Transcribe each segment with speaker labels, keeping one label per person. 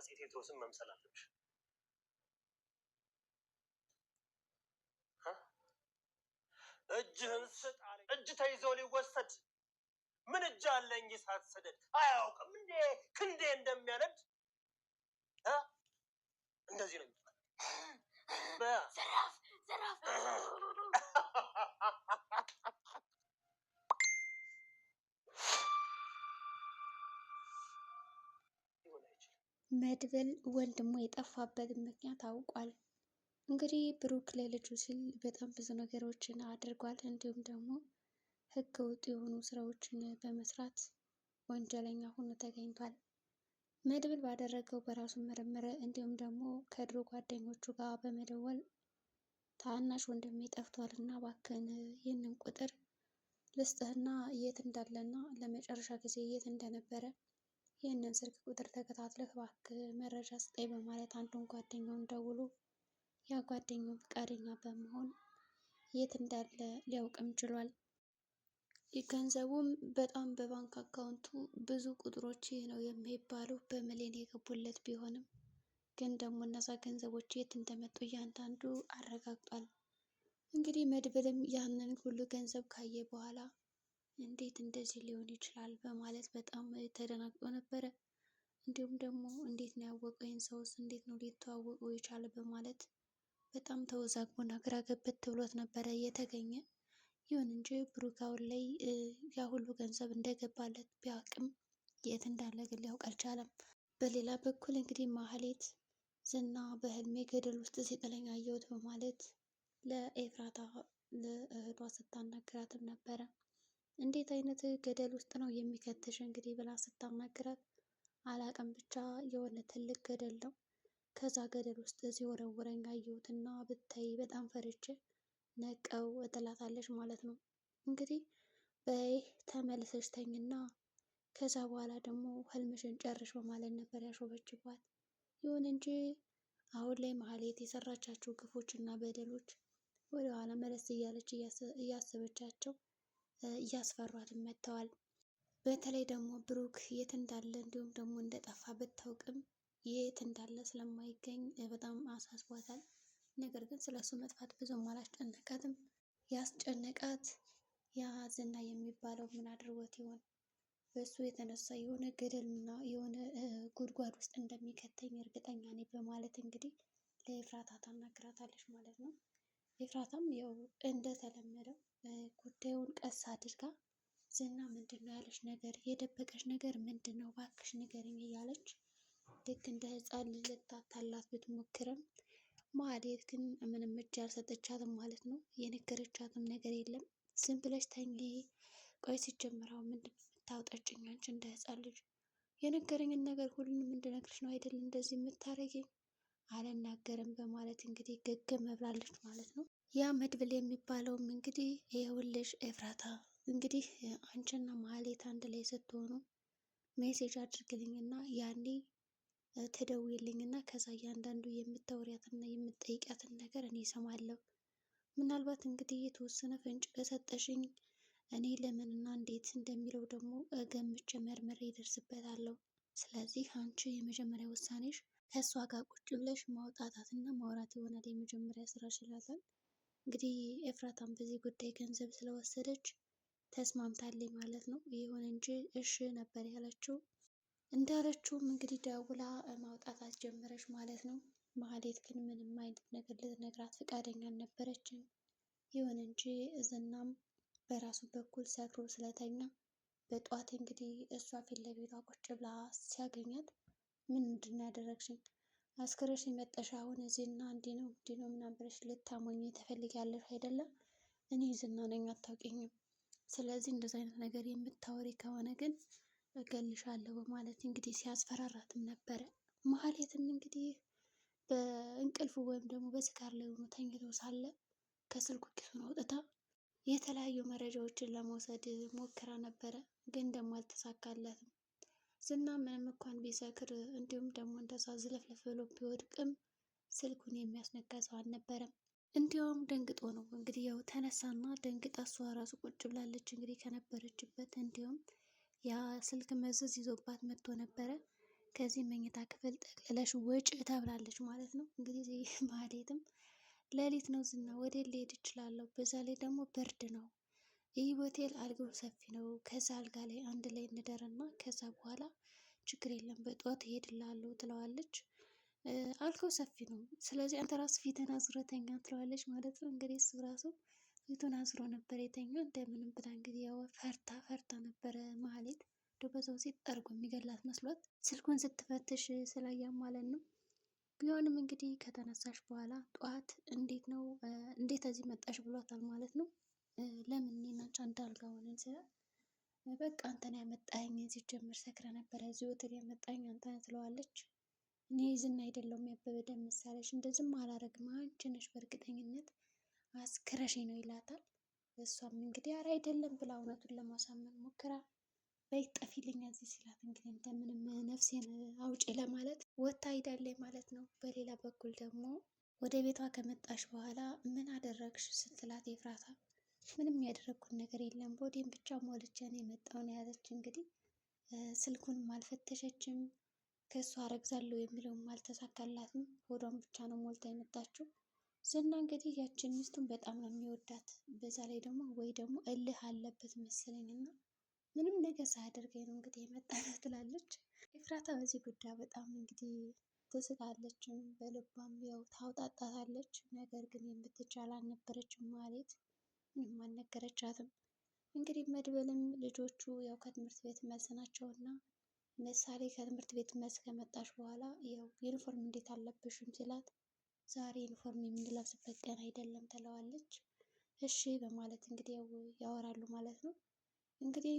Speaker 1: አጼ ቴዎድሮስን መምሰል አለብሽ። እጅህን ስጥ አለኝ። እጅ ተይዞ ሊወሰድ ምን እጅ አለኝ? እሳት አያውቅም እንዴ ክንዴ እንደሚያነድ እንደዚህ ነው የሚባለው።
Speaker 2: መድብል ወንድሙ የጠፋበት ምክንያት አውቋል። እንግዲህ ብሩክ ለልጁ ሲል በጣም ብዙ ነገሮችን አድርጓል። እንዲሁም ደግሞ ህገ ወጥ የሆኑ ስራዎችን በመስራት ወንጀለኛ ሆኖ ተገኝቷል። መድብል ባደረገው በራሱ ምርምር እንዲሁም ደግሞ ከድሮ ጓደኞቹ ጋር በመደወል ታናሽ ወንድሜ ጠፍቷል እና እባክህን ይህንን ቁጥር ልስጥህና የት እንዳለና ለመጨረሻ ጊዜ የት እንደነበረ ይህንን ስልክ ቁጥር ተከታትለህ እባክህ መረጃ ስጠኝ በማለት አንዱን ጓደኛውን ደውሎ ያ ጓደኛው ፈቃደኛ በመሆን የት እንዳለ ሊያውቅም ችሏል። ገንዘቡም በጣም በባንክ አካውንቱ ብዙ ቁጥሮች ይህ ነው የማይባሉ በሚሊዮን የገቡለት ቢሆንም ግን ደግሞ እነዛ ገንዘቦች የት እንደመጡ እያንዳንዱ አረጋግጧል። እንግዲህ መድብልም ያንን ሁሉ ገንዘብ ካየ በኋላ እንዴት እንደዚህ ሊሆን ይችላል በማለት በጣም ተደናግጦ ነበረ። እንዲሁም ደግሞ እንዴት ነው ያወቀው? ይህን ሰውስ እንዴት ነው ሊተዋወቀው የቻለ በማለት በጣም ተወዛግቦና ግራ ገብት ብሎት ነበረ የተገኘ። ይሁን እንጂ ብሩክ አሁን ላይ ያ ሁሉ ገንዘብ እንደገባለት ቢያውቅም የት እንዳለ ግን ሊያውቅ አልቻለም። በሌላ በኩል እንግዲህ ማህሌት ዝና በህልሜ ገደል ውስጥ ሲጥለኝ አየሁት በማለት ለኤፍራታ ለእህቷ ስታናግራትም ነበረ። እንዴት አይነት ገደል ውስጥ ነው የሚከትሽ እንግዲህ ብላ ስታናግራት አላቅም ብቻ የሆነ ትልቅ ገደል ነው። ከዛ ገደል ውስጥ ሲወረውረኝ አየሁትና ብታይ በጣም ፈርቼ ነቀው እጥላታለች ማለት ነው። እንግዲህ በይ ተመልሰሽ ተኝና ከዛ በኋላ ደግሞ ህልምሽን ጨርሽ በማለት ነበር ያሾበችባት ይሁን እንጂ አሁን ላይ መሀሌት የሰራቻቸው ግፎች እና በደሎች ወደኋላ መለስ እያለች እያሰበቻቸው እያስፈሯትም መጥተዋል። በተለይ ደግሞ ብሩክ የት እንዳለ እንዲሁም ደግሞ እንደጠፋ ብታውቅም የት እንዳለ ስለማይገኝ በጣም አሳስቧታል። ነገር ግን ስለ እሱ መጥፋት ብዙም አላስጨነቃትም። ያስጨነቃት ያ ዝና የሚባለው ምን አድርጎት ይሆን? በእሱ የተነሳ የሆነ ገደልና የሆነ ጉድጓድ ውስጥ እንደሚከተኝ እርግጠኛ ነኝ በማለት እንግዲህ ለኤፍራታ ታናግራታለች ማለት ነው። ኤፍራታም ያው እንደተለመደው ጉዳዩን ቀስ አድርጋ ዝና ምንድን ነው ያለች ነገር የደበቀች ነገር ምንድን ነው ባክሽ ንገረኝ እያለች ልክ እንደ ህፃን ልጅ ልታታላት ብትሞክርም ማህሌት ግን ምንም እጅ አልሰጠቻትም ማለት ነው። የነገረቻትም ነገር የለም። ዝም ብለሽ ተኝ፣ ቆይ ሲጀምረው ምንድን ነው የምታውጠጭኝ አንቺ እንደ ህፃን ልጅ የነገረኝን ነገር ሁሉንም እንድነግርሽ ነው አይደል እንደዚህ የምታረጊኝ አልናገርም በማለት እንግዲህ ግግም ብላለች ማለት ነው። ያ መድብል የሚባለውም እንግዲህ ይኸውልሽ ኤፍራታ እንግዲህ አንቺና ማህሌት አንድ ላይ ስትሆኑ ሜሴጅ አድርግልኝና ያኔ ተደውልኝና ከዛ እያንዳንዱ የምታወሪያትና የምጠይቂያትን ነገር እኔ እሰማለሁ። ምናልባት እንግዲህ የተወሰነ ፍንጭ ከሰጠሽኝ እኔ ለምንና እንዴት እንደሚለው ደግሞ ገምቼ መርምሬ ይደርስበታለሁ። ስለዚህ አንቺ የመጀመሪያ ውሳኔሽ ከእሷ ጋር ቁጭ ብለሽ ማውጣታትና ማውራት ይሆናል የመጀመሪያ ስራ ይችላታል። እንግዲህ ኤፍራታም በዚህ ጉዳይ ገንዘብ ስለወሰደች ተስማምታለኝ ማለት ነው። ይሁን እንጂ እሺ ነበር ያለችው። እንዳለችውም እንግዲህ ደውላ ማውጣታት አስጀመረች ማለት ነው። ማህሌት ግን ምንም አይነት ነገር ልትነግራት ፈቃደኛ አልነበረችም። ይሁን እንጂ ዝናም በራሱ በኩል ሰክሮ ስለተኛ በጧት እንግዲህ እሷ ፊት ለፊቷ ቁጭ ብላ ሲያገኛት ምን ምንድን ያደረግሽኝ? አስክሬሽ የመጣሽ አሁን እዚህና እንዲህ ነው እንዲህ ነው ምናምን ብለሽ ልታሞኝ ትፈልጊያለሽ አይደለም? እኔ ዝና ነኝ አታውቂኝም። ስለዚህ እንደዚ አይነት ነገር የምታወሪ ከሆነ ግን እገልሻለሁ በማለት እንግዲህ ሲያስፈራራትም ነበረ። መሀሌትም እንግዲህ በእንቅልፉ ወይም ደግሞ በስካር ላይ ሆኖ ተኝቶ ሳለ ከስልኩ ኪሱን አውጥታ የተለያዩ መረጃዎችን ለመውሰድ ሞክራ ነበረ፣ ግን ደግሞ አልተሳካለትም። ዝና ምንም እንኳን ቢሰክር እንዲሁም ደግሞ እንደዛ ዝለፍለፍ ብሎ ቢወድቅም ስልኩን የሚያስነካ ሰው አልነበረም። እንዲያውም ደንግጦ ነው እንግዲህ ያው ተነሳና ደንግጣ እሷ ራሱ ቁጭ ብላለች እንግዲህ ከነበረችበት። እንዲሁም ያ ስልክ መዘዝ ይዞባት መጥቶ ነበረ። ከዚህ መኝታ ክፍል ጠቅልለሽ ውጭ ተብላለች ማለት ነው። እንግዲህ ማህሌትም ሌሊት ነው ዝና ወደ ሊሄድ ይችላለሁ፣ በዛ ላይ ደግሞ ብርድ ነው ይህ ሆቴል አልጋው ሰፊ ነው። ከዛ አልጋ ላይ አንድ ላይ እንደረና ከዛ በኋላ ችግር የለም በጠዋት እሄድልሃለሁ ትለዋለች። አልጋው ሰፊ ነው። ስለዚህ አንተ ራሱ ፊትን አዙረህ ተኛ ትለዋለች ማለት ነው። እንግዲህ እሱ ራሱ ፊቱን አዝሮ ነበር የተኛው። እንደምንም ብላ እንግዲህ ያው ፈርታ ፈርታ ነበረ መሀሌት ወደ በዛው ጠርጎ የሚገላት መስሏት ስልኩን ስትፈትሽ ስላያ ማለት ነው። ቢሆንም እንግዲህ ከተነሳሽ በኋላ ጠዋት እንዴት ነው እንዴት እዚህ መጣሽ ብሏታል ማለት ነው። ለምን እኔና አንቺ አልጋ ሆነን ስለ በቃ አንተን ያመጣኝ ጀምር ሰክረ ነበረ እዚህ ሆቴል ያመጣኝ አንተን ትለዋለች። እኔ ዝና አይደለሁም ያበበ ደምስ አለች። እንደዚህም አላረግም አንቺ ነሽ በእርግጠኝነት አስክረሽ ነው ይላታል። እሷም እንግዲህ ኧረ አይደለም ብላ እውነቱን ለማሳመን ሞክራ በይ ጠፊልኝ እዚህ ሲላት እንግዲህ እንደምንም ነፍሴን አውጪ ለማለት ወታ ሄዳለች ማለት ነው። በሌላ በኩል ደግሞ ወደ ቤቷ ከመጣሽ በኋላ ምን አደረግሽ ስትላት ኤፍራታ ምንም ያደረግኩት ነገር የለም። ቦዴን ብቻ ሞልቼ ነው የመጣውን የያዘች እንግዲህ ስልኩንም አልፈተሸችም። ከእሷ አረግዛለሁ የሚለውም አልተሳካላትም። ሆዷን ብቻ ነው ሞልታ የመጣችው። ዝና እንግዲህ ያችን ሚስቱን በጣም ነው የሚወዳት። በዛ ላይ ደግሞ ወይ ደግሞ እልህ አለበት መሰለኝ እና ምንም ነገር ሳያደርገኝ ነው እንግዲህ የመጣለ ትላለች። ኤፍራታ በዚህ ጉዳይ በጣም እንግዲህ ትስቃለችም፣ በልቧም ያው ታውጣጣታለች። ነገር ግን የምትቻል አልነበረችም ማለት ምንም አልነገረቻትም። እንግዲህ መድብልም ልጆቹ ያው ከትምህርት ቤት መልስ ናቸው እና ምሳሌ ከትምህርት ቤት መልስ ከመጣች በኋላ ያው ዩኒፎርም እንዴት አለብሽም ሲላት ዛሬ ዩኒፎርም የምንለብስበት ቀን አይደለም ትለዋለች። እሺ በማለት እንግዲህ ያው ያወራሉ ማለት ነው። እንግዲህ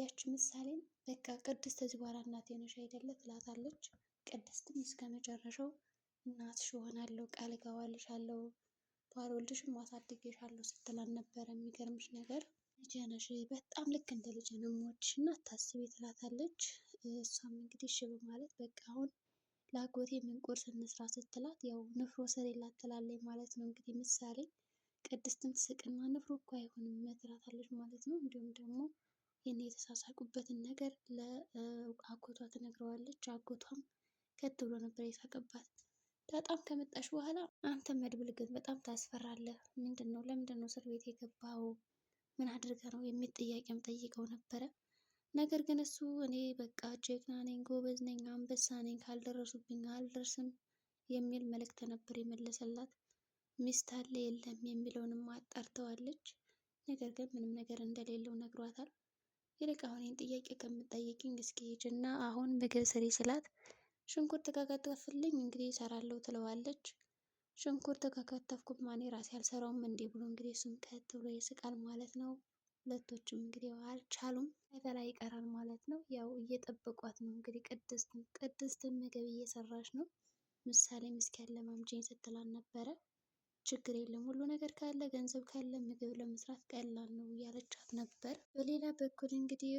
Speaker 2: ያቺ ምሳሌም በቃ ቅድስት ከዚህ በኋላ እናቴ ነሽ አይደለ ትላታለች። ቅድስትም እስከ መጨረሻው እናትሽ እሆናለሁ ቃል እገባልሻለሁ ባልወልድሽም አሳድጌሻለሁ ስትላት ነበረ። የሚገርምሽ ነገር ልጄ ነሽ፣ በጣም ልክ እንደ ልጄ ነው የምወድሽ እና አታስቢ ትላታለች። እሷም እንግዲህ እሺ በማለት በቃ አሁን ለአጎቴ ምን ቁርስ እንስራ ስትላት ያው ንፍሮ ስሪላት ትላለች ማለት ነው። እንግዲህ ምሳሌ ቅድስትን ትስቅና ንፍሮ እኮ አይሆንም ትላታለች ማለት ነው። እንዲሁም ደግሞ ይህን የተሳሳቁበትን ነገር ለአጎቷ ትነግረዋለች። አጎቷም ከት ብሎ ነበር የሳቀባት። በጣም ከመጣሽ በኋላ አንተ መድብል ግን በጣም ታስፈራለህ። ምንድን ነው ለምንድን ነው እስር ቤት የገባው? ምን አድርገ ነው የሚል ጥያቄም ጠይቀው ነበረ። ነገር ግን እሱ እኔ በቃ ጀግና ነኝ፣ ጎበዝ ነኝ፣ አንበሳ ነኝ፣ ካልደረሱብኝ አልደርስም የሚል መልእክት ነበር የመለሰላት። ሚስት አለ የለም የሚለውንም አጣርተዋለች። ነገር ግን ምንም ነገር እንደሌለው ነግሯታል። ይልቅ አሁን ይህን ጥያቄ ከምጠይቅኝ እስኪ ሂጅ እና አሁን ምግብ ስሪ ስላት ሽንኩርት ከከተፍልኝ እንግዲህ እሰራለሁ ትለዋለች። ሽንኩርት ከከተፍኩማ እኔ ራሴ አልሰራውም እንዴ ብሎ እንግዲህ እሱም ቀጥ ብሎ ይስቃል ማለት ነው። ሁለቶችም እንግዲህ አልቻሉም ሳይበላ ይቀራል ማለት ነው። ያው እየጠበቋት ነው እንግዲህ ቅድስትን ቅድስትን ምግብ እየሰራች ነው። ምሳሌ ምስኪ ያለ ስትላል ነበረ። ችግር የለም ሁሉ ነገር ካለ ገንዘብ ካለ ምግብ ለመስራት ቀላል ነው እያለቻት ነበር። በሌላ በኩል እንግዲህ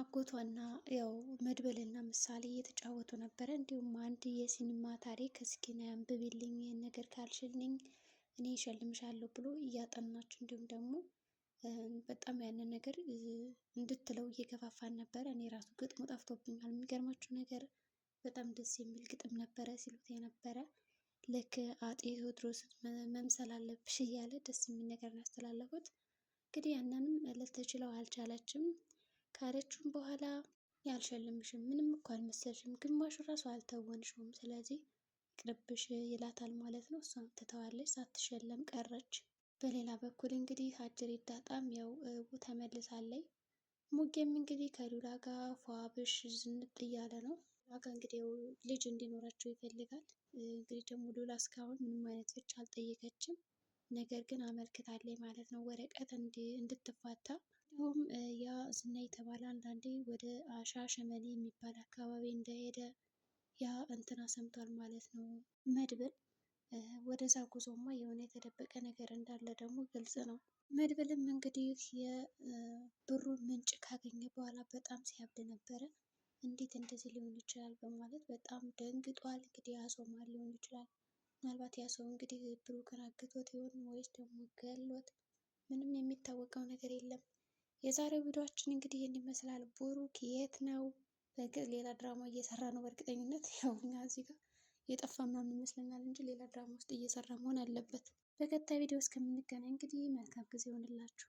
Speaker 2: አጎቷና ያው መድበልና ምሳሌ እየተጫወቱ ነበረ። እንዲሁም አንድ የሲኒማ ታሪክ እስኪና አንብቢልኝ ይህን ነገር ካልሽልኝ እኔ እሸልምሻለሁ ብሎ እያጠናች እንዲሁም ደግሞ በጣም ያንን ነገር እንድትለው እየገፋፋን ነበረ። እኔ ራሱ ግጥሙ ጠፍቶብኛል። የሚገርማችሁ ነገር በጣም ደስ የሚል ግጥም ነበረ ሲሉት የነበረ ልክ አጤ ቴዎድሮስ መምሰል አለብሽ እያለ ደስ የሚል ነገር ነው ያስተላለፉት። እንግዲህ ያንንም ልትችለው አልቻለችም። ካለችም በኋላ ያልሸልምሽም ምንም እኮ አልመሰልሽም፣ ግማሹ ራሱ አልተወንሽም፣ ስለዚህ ቅርብሽ ይላታል ማለት ነው። እሷም ትተዋለች፣ ሳትሸለም ቀረች። በሌላ በኩል እንግዲህ አጅሬ ዳጣም ያው ተመልሳለች። ሙጌም እንግዲህ ከሉላ ጋር ፏብሽ ዝንጥ እያለ ነው። ሉላ እንግዲህ ልጅ እንዲኖራቸው ይፈልጋል። እንግዲህ ደግሞ ሉላ እስካሁን ምንም አይነት ፍች አልጠየቀችም። ነገር ግን አመልክታለች ማለት ነው ወረቀት እንድትፋታ እንዲሁም ያ ዝና የተባለ አንዳንዴ ወደ አሻ ሻሸመኔ የሚባል አካባቢ እንደሄደ ያ እንትና ሰምቷል ማለት ነው መድብል። ወደዛ ጉዞማ የሆነ የተደበቀ ነገር እንዳለ ደግሞ ግልጽ ነው። መድብልም እንግዲህ የብሩ ምንጭ ካገኘ በኋላ በጣም ሲያብድ ነበረ። እንዴት እንደዚህ ሊሆን ይችላል በማለት በጣም ደንግጧል። እንግዲህ ያሰው ሊሆን ይችላል? ምናልባት ያሰው እንግዲህ ብሩክን አግቶት ይሆን ወይስ ደግሞ ገሎት? ምንም የሚታወቀው ነገር የለም። የዛሬው ቪዲዮችን እንግዲህ ይህን ይመስላል። ብሩክ የት ነው? ሌላ ድራማ እየሰራ ነው። በእርግጠኝነት ያው እኛ እዚህ ጋር የጠፋ ምናምን ይመስለናል እንጂ ሌላ ድራማ ውስጥ እየሰራ መሆን አለበት። በቀጣይ ቪዲዮ እስከምንገናኝ እንግዲህ መልካም ጊዜ ይሆንላችሁ።